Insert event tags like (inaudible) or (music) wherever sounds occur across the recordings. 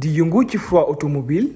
di yëngu ci froid automobile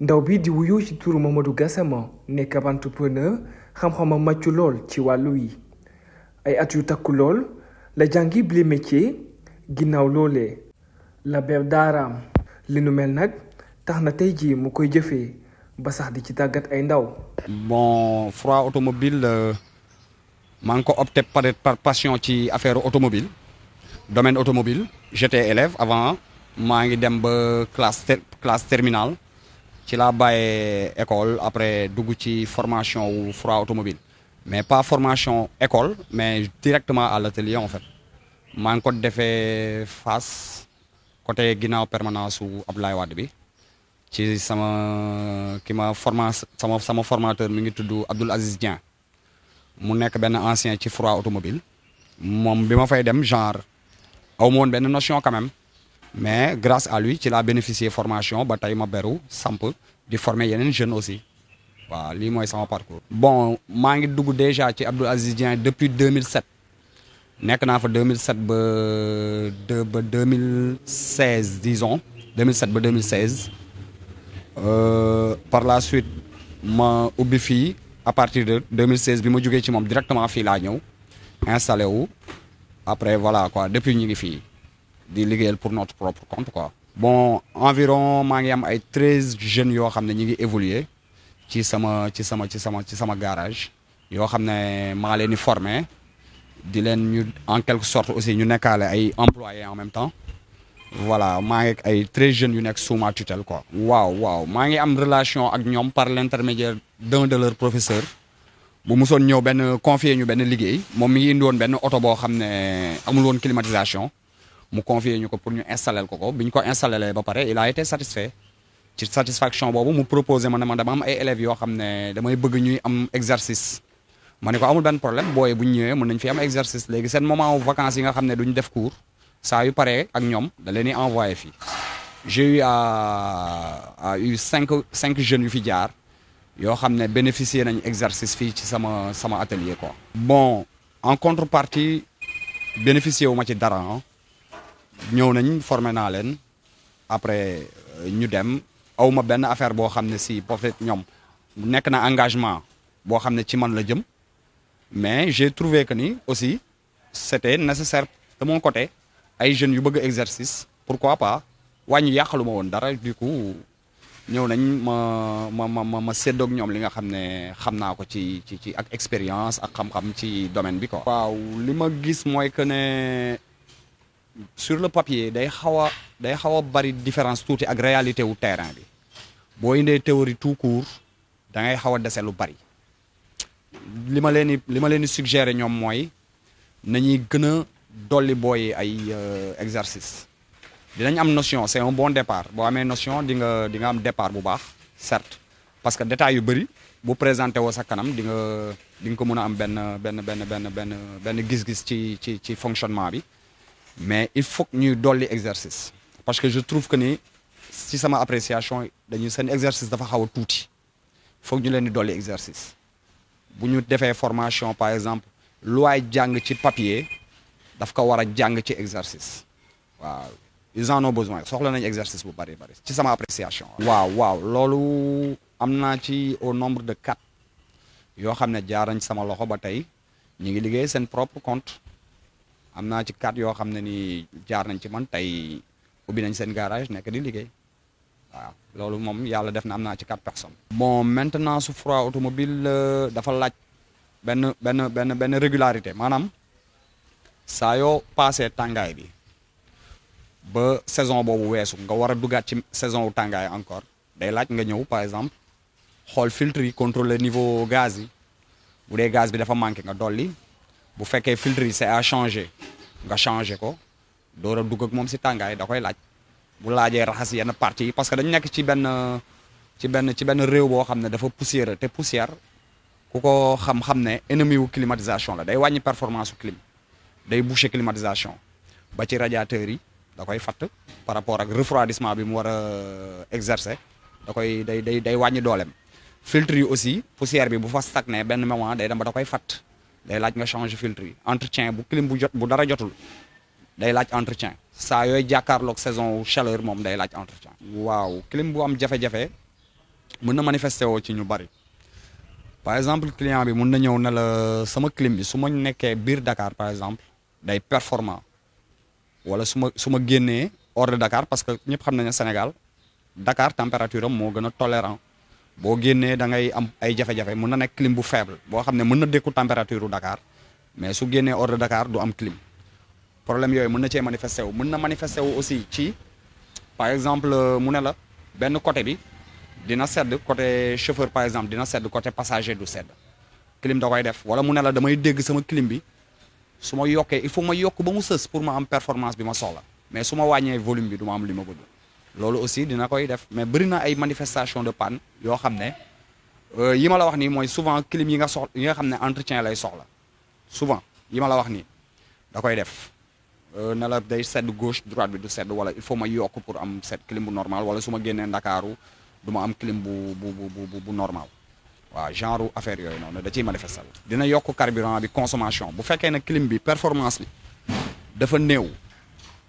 ndaw bi di wuyu ci turu Mamadou Gassama nekk ab entrepreneur xam-xamam màccu lool ci wàllu yi ay at yu takku lool la jàngi bile métier ginnaaw la berdaram, daaraam mel nag tax na tey koy ba sax di ci tàggat ay ndaw. bon froid automobile euh, maa ngi ko opté par par passion ci affaire automobile domaine automobile j'étais élève avant maa dem ba classe classe terminale ci la bàyyee école après dougu ci formation ou froid automobile mais pas formation école mais directement à l'atelier en fait maa ko defee face côté ginnaaw permanence su Abdoulaye Wade bi ci sama ki ma forma sama sama formateur mi ngi tudd Abdoul Aziz dian mu nek ben ancien ci froid automobile mom bima fay dem genre aw ma woon notion quand même mais grâce à lui ci a bénéficié formation bataille ma de former yeneen jeunes aussi Voilà, c'est mooy sama parcours. bon maa ngi déjà ci Abdou Aziz depuis 2007 nekk naa en 2007 ba 2016 disons 2007 ba 2016 euh, par la suite ma ubbi fii à partir de 2016 j'ai ma directement à laa installé wu après voilà quoi depuis ñu ngi di liguel pour notre propre compte quoi. bon environ maa ngi am ay 13 jeunes yo xamné ñi ngi évoluer ci sama ci sama ci sama ci sama garage Yo xamné ma leni former di len ñu en quelque sorte aussi ñu nekkaale ay employés en même temps voilà maa ngi ay 13 jeunes yu nekk sous ma tutelle quoi. waaw waaw maa ngi am relation ak ñom par l'intermédiaire d'un de leurs professeurs bu musoon ñëw benn confier ñu benn liggéey moom mi ngi indi woon benn oto boo xam ne amul woon climatisation mu convier ñu ko pour ñu installer ko ko bi ko installer ba pare il a été satisfait ci satisfaction boobu mu proposé ma ne ma dama am ay élèves yoo xam ne damay bëgg ñuy am exercice. ma ne ko amul benn problème booy bu ñu ñëwee mën nañ fi am exercice léegi seen moment vacances yi nga xam ne duñ def cours saa yu paree ak ñoom da leen di envoyé fii. j'ai eu à à eu cinq cinq jeunes yu fi jaar yoo xam ne bénéficier nañ exercice fii ci sama sama atelier quoi. bon en contrepartie bénéficier wu ma ci dara hein. Nous nañ formé après nous euh, dem affaire si engagement man mais j'ai trouvé que ni aussi c'était nécessaire de mon côté ay jeunes yu exercice pourquoi pas Nous yàqalu dara du coup nañ ma ma ma ma ma expérience domaine bi quoi. waaw que sur le papier day xawa day xawa bari différence touti ak réalité wu terrain bi bo indé théorie tout court da ngay xawa a lu bari lima ma lima di suggérer ñom moy nañuy gëna a boy ay euh, exercice dinañ am notion c'est un bon départ bo amé notion di nga di nga am départ bu baax certes parce que détail yu bari bu présenté wo sa kanam di nga di nga ko mëna am ben ben ben ben ben ben gis-gis ci ci ci fonctionnement bi mais il faut que donnions les exercices. parce que je trouve que ni si m'a appréciation dañuy un exercice dafa tout tout. faut faut ñu nous exercices dolli exercice bu faire une formation par exemple loi waay sur papier daf ko que a ci exercice waaw ils en ont besoin soxla nañ exercice bu bari bari ci ma appréciation. wow wow lolo amna au nombre de quatre Yo, xam ne jaar nañ sama loxo ba tey ñu ngi propre compte. am naa ci quatre yoo xam ne ni jaar nañ ci man tey ubbi nañ seen garage nekk di liggéey waaw loolu moom yàlla def na am naa ci quatre personnes. bon maintenant su froid automobile euh, dafa laaj benn benn benn benn régularité maanaam saa yoo paasee tàngaay bi ba saison boobu weesu nga war a duggaat ci saison wu tàngaay encore day laaj nga ñëw par exemple xool filtre yi contrôler niveau gaz yi bu dee gaz bi dafa manqué nga dolli. bu fekkee filtre yi c'est à changer nga changer ko door a dugg ak moom si tàngaay da koy laaj bu laajee raxas yenn parties yi parce que dañu nekk ci benn ci benn ci benn réew boo xam ne dafa poussière te poussière ku ko xam-xam ne ennemi wu climatisation la day wàññi performance su clim day boucher climatisation ba ci radiateur yi da koy fatt par rapport ak refroidissement bi mu war a euh, exercer da koy day day day wàññi dooleem filtre yi aussi poussière bi bu fa stagné benn moment day dem ba da koy fatt day laaj nga changer filtre yi entretien bu clim bu jot bu dara jotul day laaj entretien saa yooyu jàkkaarloog saison chaleur mom day laaj entretien. waaw clim bu am jafé jafé mën na manifester woo ci ñu bari par exemple client bi mën na ñëw na la sama clim bi su ma nekkee Dakar par exemple day performant wala suma suma génné ma hors de Dakar parce que ñep xam nañu Sénégal Dakar température mo gëna tolérant. boo génnee da ngay am ay jafe-jafe mën na nekk clim bu faible boo xam ne mën na dékku température Dakar mais su génnee hors de Dakar du am clim problème yooyu mën na cee manifesté wu mën na manifesté wu aussi ci par exemple mu ne la benn côté bi dina sedd côté chauffeur par exemple dina sedd côté passager du sedd clim da koy def wala mu ne la damay dégg sama clim bi su ma yokkee il faut ma yokk ba mu sës pour ma am performance bi ma soxla mais su ma wàññee volume bi du am li ma bëgg loolu aussi dina koy def mais bari na ay manifestation de panne yo xamné euh yima la wax ni moy souvent clim yi nga soxla yi nga xam ne entretien lay soxla souvent yima la wax ni da koy def euh nala day sedd gauche droite bi du sedd wala il faut ma yok pour am set clim bu normal wala suma ma génnee duma ma am clim bu bu bu bu normal wa genre affaire yoy non da ci manifestal dina yok carburant bi consommation bu fekké ne clim bi performance bi dafa néew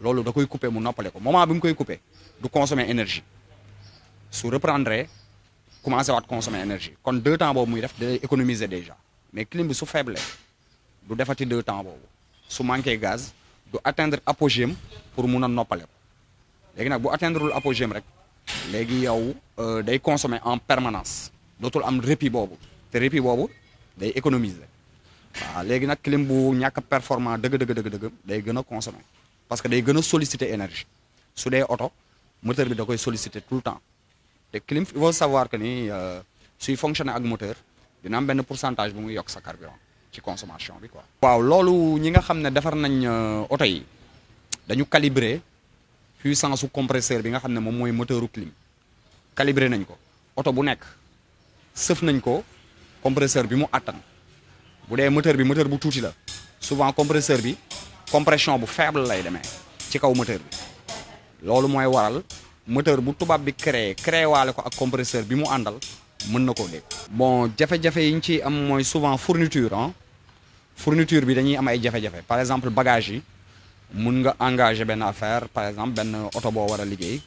lolou da koy couper mu noppale ko moment bi mu koy couper du consommer énergie su reprendrait commencer waat consommer énergie kon deux temps boobu muy def day économiser déjà mais clim bi su faible du defati deux temps boobu su manqué gaz du atteindre apogée pour mun na noppale ko léegi nag bu atteindre apogéem rek légui yow euh, day consommer en permanence dootul am répit boobu te répit boobu day économiser waaw légui nak clim bu ñàkk performant deug deug deug deug day gëna consommer parce que day gën a solliciter énergie su dee oto moteur bi da koy solicité tout le temps te clim il faut savoir que ni euh, suy fonctionner ak moteur dina am benn pourcentage bu mu yokk sa carburant ci consommation bi quoi. waaw loolu ñi nga xam ne defar nañ euh, oto yi dañu calibrer puissance su compresseur bi nga xam ne moom mooy moteuru clim calibré nañ ko oto bu nekk sëf nañ ko compresseur bi mu attan bu dee moteur bi moteur bu tuuti la souvent compresseur bi. compression bu faible lay demee ci kaw moteur bi loolu mooy waral moteur bu tubaab bi créé créé waale ko ak compresseur bi mu àndal mën na koo dégg. bon jafe-jafe yi ñu ciy am mooy souvent fourniture ah fourniture bi dañuy am ay jafe-jafe par exemple bagage yi mun nga engagé benn affaire par exemple benn oto boo war liggéey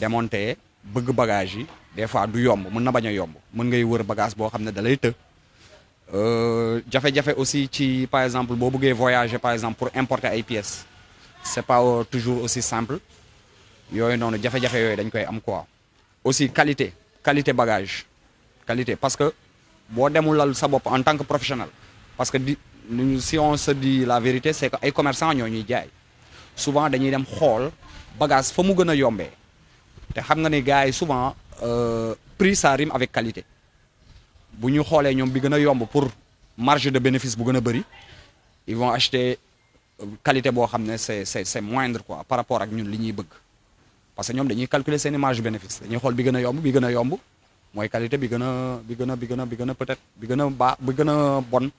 démonter bëgg bagage yi des fois du yomb mun na bañ a yomb mën ngay wër bagage boo xam ne da lay të. Euh, jafe fait aussi ci par exemple boo bëggee voyager par exemple pour importer ay pièces c'est pas euh, toujours aussi simple Non, noonu jafe-jafe dañ koy am quoi. aussi qualité qualité bagage qualité parce que boo demulal sa bopp en tant que professionnel parce que si on se dit la vérité c'est que ay commerçants ont ñuy jaay souvent dañuy dem halls, bagage fa mu gën a yombee te xam gars yi souvent euh, prix ça rime avec qualité bu ñu xoolee ñoom bi gën yomb pour marge de bénéfice bu gën ils vont acheter euh, qualité boo xam c'est c'est c'est moindre quoi par rapport ak ñun ligne ñuy bëgg parce que ñoom dañuy calculer une marge de bénéfice dañuy xool bi gën a yomb bi gën yomb mooy qualité bi gën a bi bi bi peut-être bi gën a bon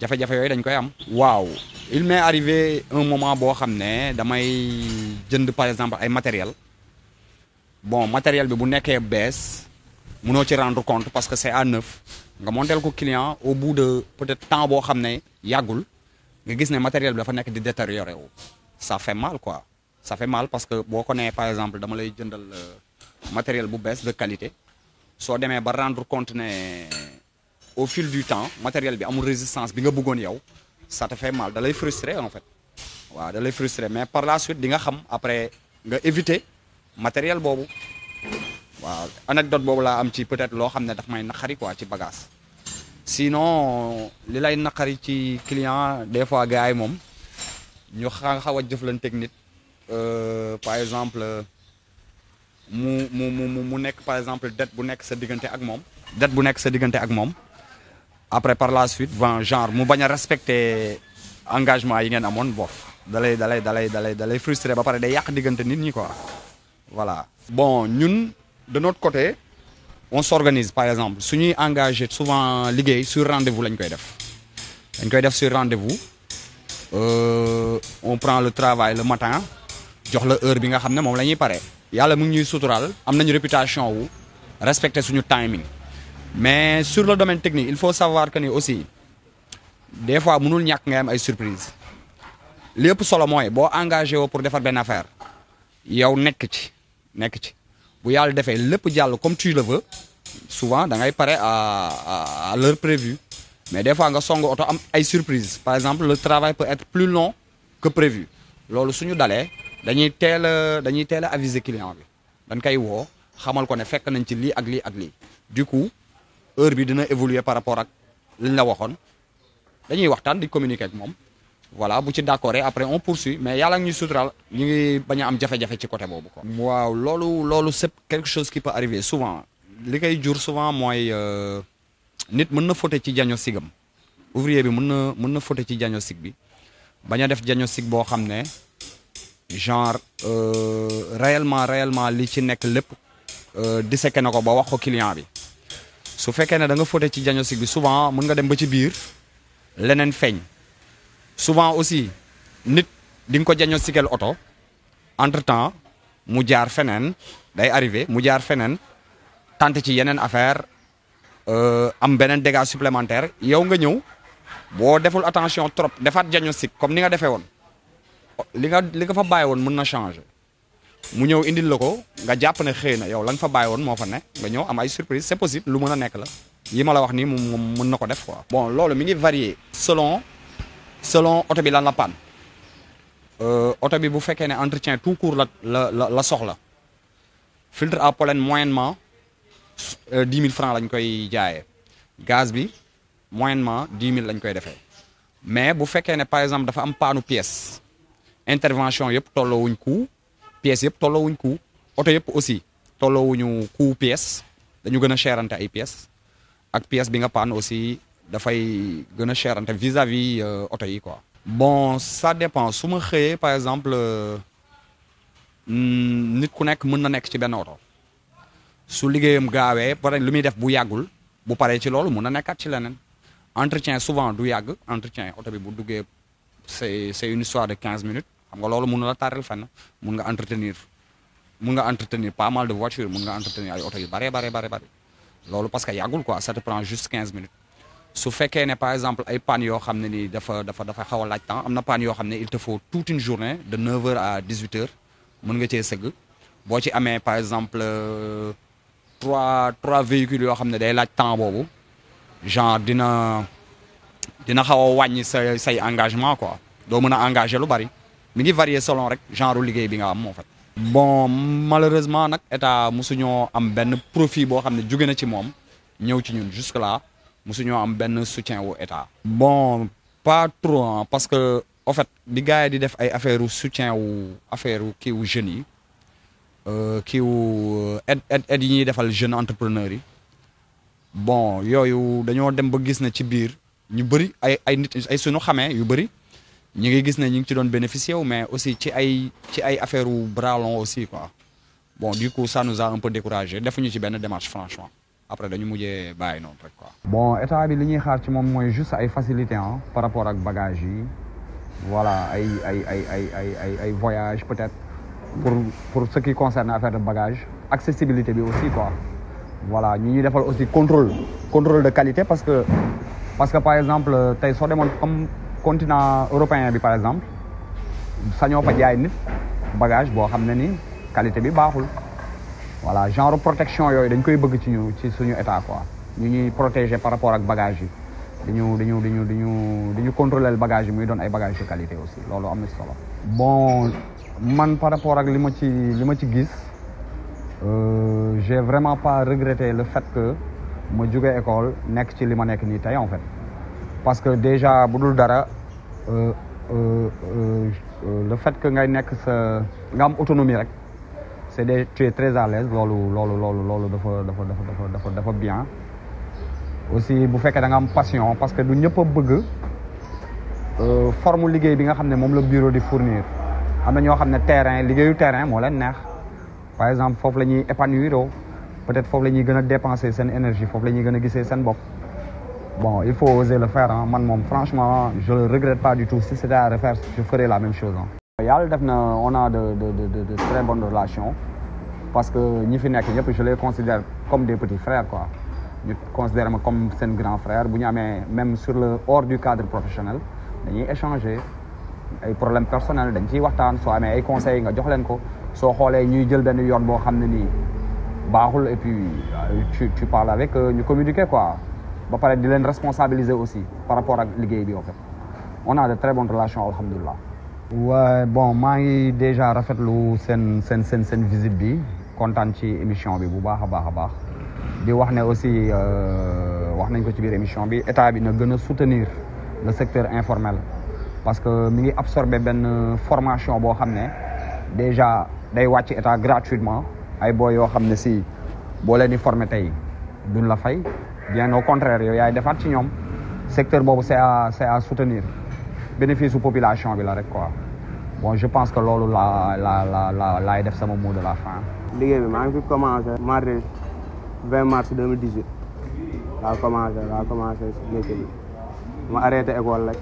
j'ai fait j'ai fait jafe-jafe dañ koy am. waaw il m'est arrivé un moment boo xam ne damay jënd par exemple ay matériel bon matériel bi bu nekkee bees pas te rendre compte parce que c'est à neuf nga montes le client au bout de peut-être temps bo xamné yagul nga gis né matériel bi dafa nek di détérioré ça fait mal quoi ça fait mal parce que par exemple dama lay jëndal euh, matériel bu baisse de qualité soit démé ba rendre compte né au fil du temps matériel bi amul résistance bi nga bëggoon yow ça te fait mal da lay frustré en fait Wa da frustré mais par la suite di nga xam après nga éviter matériel waaw anecdote bobu la am ci peut-être lo xam daf may naqari quoi ci bagage sinon li lay naqari ci client des fois gars yi moom ñu xa xaw a jëflanteeg nit euh, par exemple mu mu mu mu nek par exemple dette bu nek sa diggante ak mom dette bu nek sa diggante ak mom après par la suite van ben, genre mu baña respecter engagement yi ngeen amone bof dalay dalay dalay dalay dalay frustré ba paré day yak diggante nit ñi quoi voilà bon ñun de notre côté on s'organise par exemple Si est engagé souvent liggéey sur rendez-vous On koy def sur rendez-vous euh, on prend le travail le matin jox le heure bi nga xam Il y Il y gens qui sont ngi ñuy qui ont réputation wu respecter suñu timing mais sur le domaine technique il faut savoir que nous aussi des fois mënul avons des am ay surprise lépp solo mooy boo engagé pour faire une affaire yow nekk ci nekk ci bu yàlla defee lépp jàll comme tu le veux souvent da ngay pare à à l'heure prévue mais des fois nga song oto am ay surprise par exemple le travail peut être plus long que prévu loolu suñu dalee dañuy teel dañuy teel a aviser client bi dañ koy woo xamal ko ne fekk nañ ci lii ak lii ak lii du coup heure bi dina évoluer par rapport ak liñ la waxoon dañuy waxtaan di communiquer ak moom voilà bu ci d'accord après on poursuit mais yalla ngi ñuy ñu ngi bañ am jafé jafé ci côté bobu quoi. waaw lolu lolu c'est quelque chose qui peut arriver souvent li koy jur souvent mooy euh, nit mën na fote ci diagnostic am ouvrier bi mën na mën na fote ci diagnostic bi baña def diagnostic boo xam ne genre euh, réellement réellement li ci nek lepp euh na nako ba wax ko client bi su fekkee ne da nga fote ci diagnostic bi souvent mën nga dem ba ci biir lenen feeñ souvent aussi nit ding nga ko diagnostiquer auto entre temps mu jaar fenen day arriver mu tante ci affaire euh, am dégât supplémentaire yow nga bo deful attention trop defat diagnostic comme ni nga défé won li nga li nga fa bàyyi won mën changer mu indil lako nga yow la fa won Nous fa nga am c'est lu la yi wax ni bon selon. selon auto bi lan la panne euh, auto bi bu fekké né entretien tout court la la la soxla filtre à pollen moyennement euh 10000 francs lañ koy jaayé gaz bi moyennement 10000 lañ koy défé mais bu fekké né par exemple dafa am paanu pièce intervention wuñ tolloowuñ pièce yépp yëpp wuñ coût auto yépp aussi wuñu coût pièce dañu gëna a ay pièce ak pièce bi nga paan aussi dafay gën a vis-à-vis auto euh, yi quoi. bon ça dépend su ma par exemple euh, mm, nit ku nek mën na nekk ci benn auto su liggéeyam gaawé pare lu muy def bu yàggul bu paré ci lolu mën na nekkaat ci leneen entretien souvent du yag entretien auto bi bu duggé c'est c'est une histoire de quinze minutes xam nga lolu mën na la taaral fenn mën nga entretenir mën nga entretenir pas mal de voitures mën nga entretenir ay auto yu bare bare bare bare lolu parce que yagul quoi ça te prend juste quinze minutes. Si fekkee ne par exemple ay temps il te faut toute une journée de 9 h à 18 h mën nga ci par exemple euh, trois trois véhicules yoo xam day temps genre dina dina say engagement quoi engagé lu bari mi ngi varier selon rek genre liggéey bi nga bon malheureusement nag état mosuñoo am profit boo xam ne na jusque là mosuñoo am benn soutien wu état. bon pas trop hein, parce que en fait les gars yi di def ay affaire soutien wu affaire kii wu jeunes yi euh, kii wu euh, aide aide aide yi defal jeunes entrepreneurs yi bon ils dañoo dem ba gis na ci biir ñu bëri ay ay nit ay suñu xamee yu ngi gis ngi ci bénéficier wu mais aussi ci ay ci ay affaire wu bras longs aussi quoi bon du coup ça nous a un peu découragé defuñu ci benn démarche franchement après dañu mujjé bàyyi non rek quoi. bon état bi li xaar ci juste ay facilité hein par rapport ak bagages voilà ay ay ay ay ay voyage peut-être pour pour ce qui concerne affaire de bagages accessibilité bi aussi quoi voilà il ñuy défal aussi contrôle contrôle de qualité parce que parce que par exemple tay so sur comme continent européen bi par exemple sañoo fa jaay nit bagage bo xamné ni qualité bi baaxul voilà genre protection yooyu dañ koy bëgg ci ñu ci suñu état quoi ñu ñuy protéger par rapport ak bagage yi dañu dañu dañu dañu dañu contrôler bagage yi muy doon ay bagage de qualité aussi loolu am na solo bon man par rapport ak li ma ci li ma ci gis euh, j'ai vraiment pas regretté le fait que ma jóge école nekk ci li ma nekk nii tey en fait parce que déjà bu dul dara euh, euh, le fait que ngay nekk sa nga am autonomie rek c'est tu es très à l'aise loolu loolu loolu loolu dafa dafa dafa dafa dafa bien aussi bu fekké da nga am passion parce que du ñëpp bëgg pas euh, forme liguey bi nga xamné mom le bureau de fournir am na ñoo xam le terrain liguey terrain Par leen neex par exemple foofu lañuy ñuy épanouir peut-être qu'il lañuy que tu dépenses dépenser sen énergie foofu lañuy gëna gën sen bop bon il faut oser le faire hein. man franchement je le regrette pas du tout si c'était à refaire je ferais la même chose hein yàlla def na on a de de de de très bonnes relations parce que ñi fi nek ñep je les considère comme des petits frères quoi ñu considère ma comme sen grand frère bu ñu même sur le hors du cadre professionnel dañuy échanger ay problèmes personnels dañ ci waxtaan so amé ay conseils nga jox len ko so xolé ñuy jël benn yoon bo xamné ni baaxul et puis euh, tu tu parles avec ñu communiquer quoi ba paré di len responsabiliser aussi par rapport ak liguey bi en fait on a de très bonnes relations alhamdoulillah ouais bon moi déjà déjà rafetlu sen sen sen sen visite bi kontaan ci émission bi bu baakha baakha baax di wax né aussi euh, wax nañ ko ci biir émission bi état bi na gëna soutenir le secteur informel parce que mi ngi absorber ben formation bo xamné déjà day wacc état gratuitement ay boo yo xamné si bo leen di formé duñ la fay bien au contraire yow yaay defaat ci ñom secteur bobu c'est à c'est à soutenir bénéfice su population bi la rek quoi bon je pense que loolu la la la la laay def sama mot de la fin. liggéey bi maa ngi fi commencé mardi 20 mars 2018 laa commencé laa commencé si métier bi ma arrêté école rek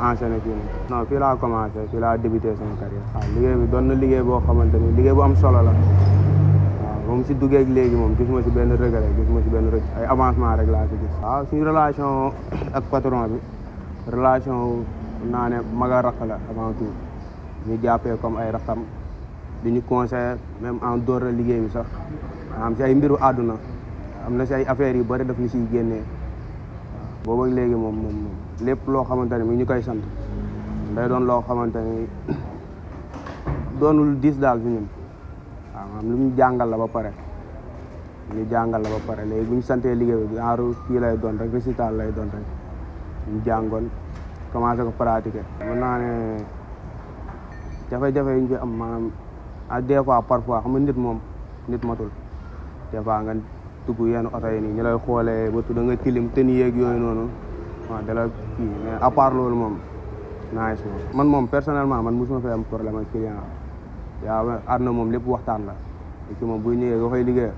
enchaîné kii na non fii laa commencé fii la débuté sama carrière waaw liggéey bi doon na liggéey boo xamante ni liggéey bu am solo la waaw moom si duggee léegi moom gis ma si benn regret gis ma si benn rëcc ay avancement rek laa si gis (coughs) waaw suñu relation ak patron bi relation mun naa ne mag a rakk la avant tout ñu jàppee comme ay rakkam di ñu conseillé même en dehors de liggéey bi sax am si ay mbiru àdduna am na si ay affaires yu bari daf ñu siy génnee waaw boobu léegi moom moom lépp loo xamante ne mi ñu koy sant day doon loo xamante ni (coughs) doonul diis daal fi ñun waaw lu ñu jàngal la ba pare ñu jàngal la ba pare léegi bu ñu santee liggéey bi genre kii lay doon rek récital lay doon rek ñu jàngoon commencé ko pratiquer. mën naa ne jafe-jafe yi ñu am maanaam a des fois parfois xam nga nit moom nit matul des fois nga dugg yenn oto yi nii ñu la xoolee ba tudd nga tilim te ni yeeg yooyu noonu waaw dala kii mais à part loolu moom nice moom. man moom personnellement man mosuma fee am problème ak client yaa àdduna moom lépp waxtaan la ci moom buy ñëwee nga koy liggéey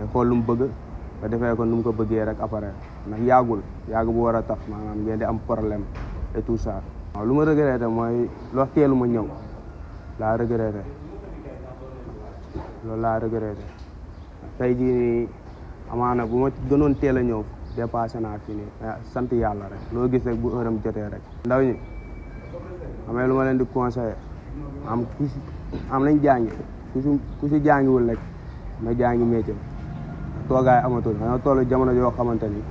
ay xool lu mu bëgg. nga defee ko nu mu ko bëggee rek après na yaagul yaagu bu war a tax maanaam ngeen di am problème et tout waaw lu ma regretté mooy loo teelu ma ñëw laa regretté loolu laa regretté tey jii nii amaana bu ma gënoon teel a ñëw dépassé naa fii ah, sant yàlla rek loo gis rek bu ërëm jotee rek. ndaw ñi amee lu ma leen di conseillé am ku si am nañ jàngi ku si ku si jàngiwul rek na jàngi métier toogaay amatul dañoo toll jamono joo xamante ni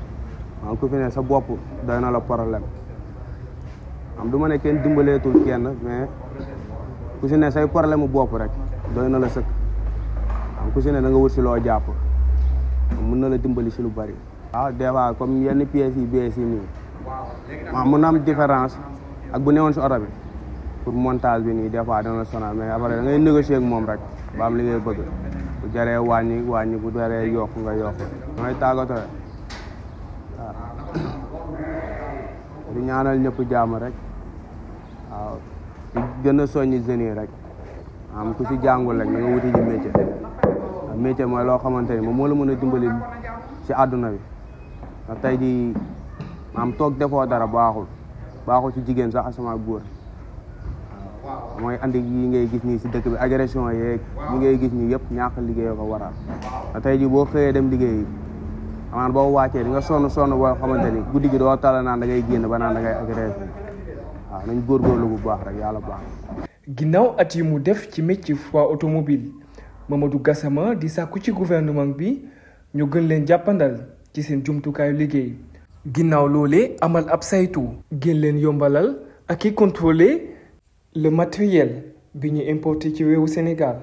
ku fi ne sa bopp doy na la problème. am du ma ne kenn dimbaleetul kenn mais ku si say problème mu bopp rek doy na la sëkk am ku si ne da nga wut si loo jàpp mun na la dimbali si lu bari. waaw des fois comme yenn yi bees yi nii waaw mun na différence ak bu newoon si oto bi pour montage bi nii des fois dana sonal mais après da ngay négocier ak moom rek ba am li ngay bëgg bu jaree wàññi wàññi bu jaree yokk nga yokk mooy tàggatoo waaw (coughs) di ñaanal ñëpp jàmm rek. waaw di gën a soññi jeunes rek am ku si jàngul rek na wuti ji métier métier mooy loo xamante ni moom moo la mën a dimbali si àdduna bi ndax tey jii maam toog defoo dara baaxul baaxul si jigéen sax asama góor waaw mooy andi yi ngay gis nii si dëkk bi agression yeeg yi ngay gis ni yëpp ñàkk liggéey ko waral te tey jii boo xëyee dem liggéey amaan boo wàccee di nga sonn sonn boo xamante ni guddi gi doo tala naan da ngay génn ba naan da ngay agressé waaw nañ góorgóorlu bu baax rek yàlla baax ginnaaw at yi mu def ci métier fois automobile Mamadou Gassama di sàkku ci gouvernement bi ñu gën leen jàppandal ci seen jumtukaayu liggéey ginnaaw loole amal ab saytu gën leen yombalal aki i le matériel bi ñu importé ci réewu Sénégal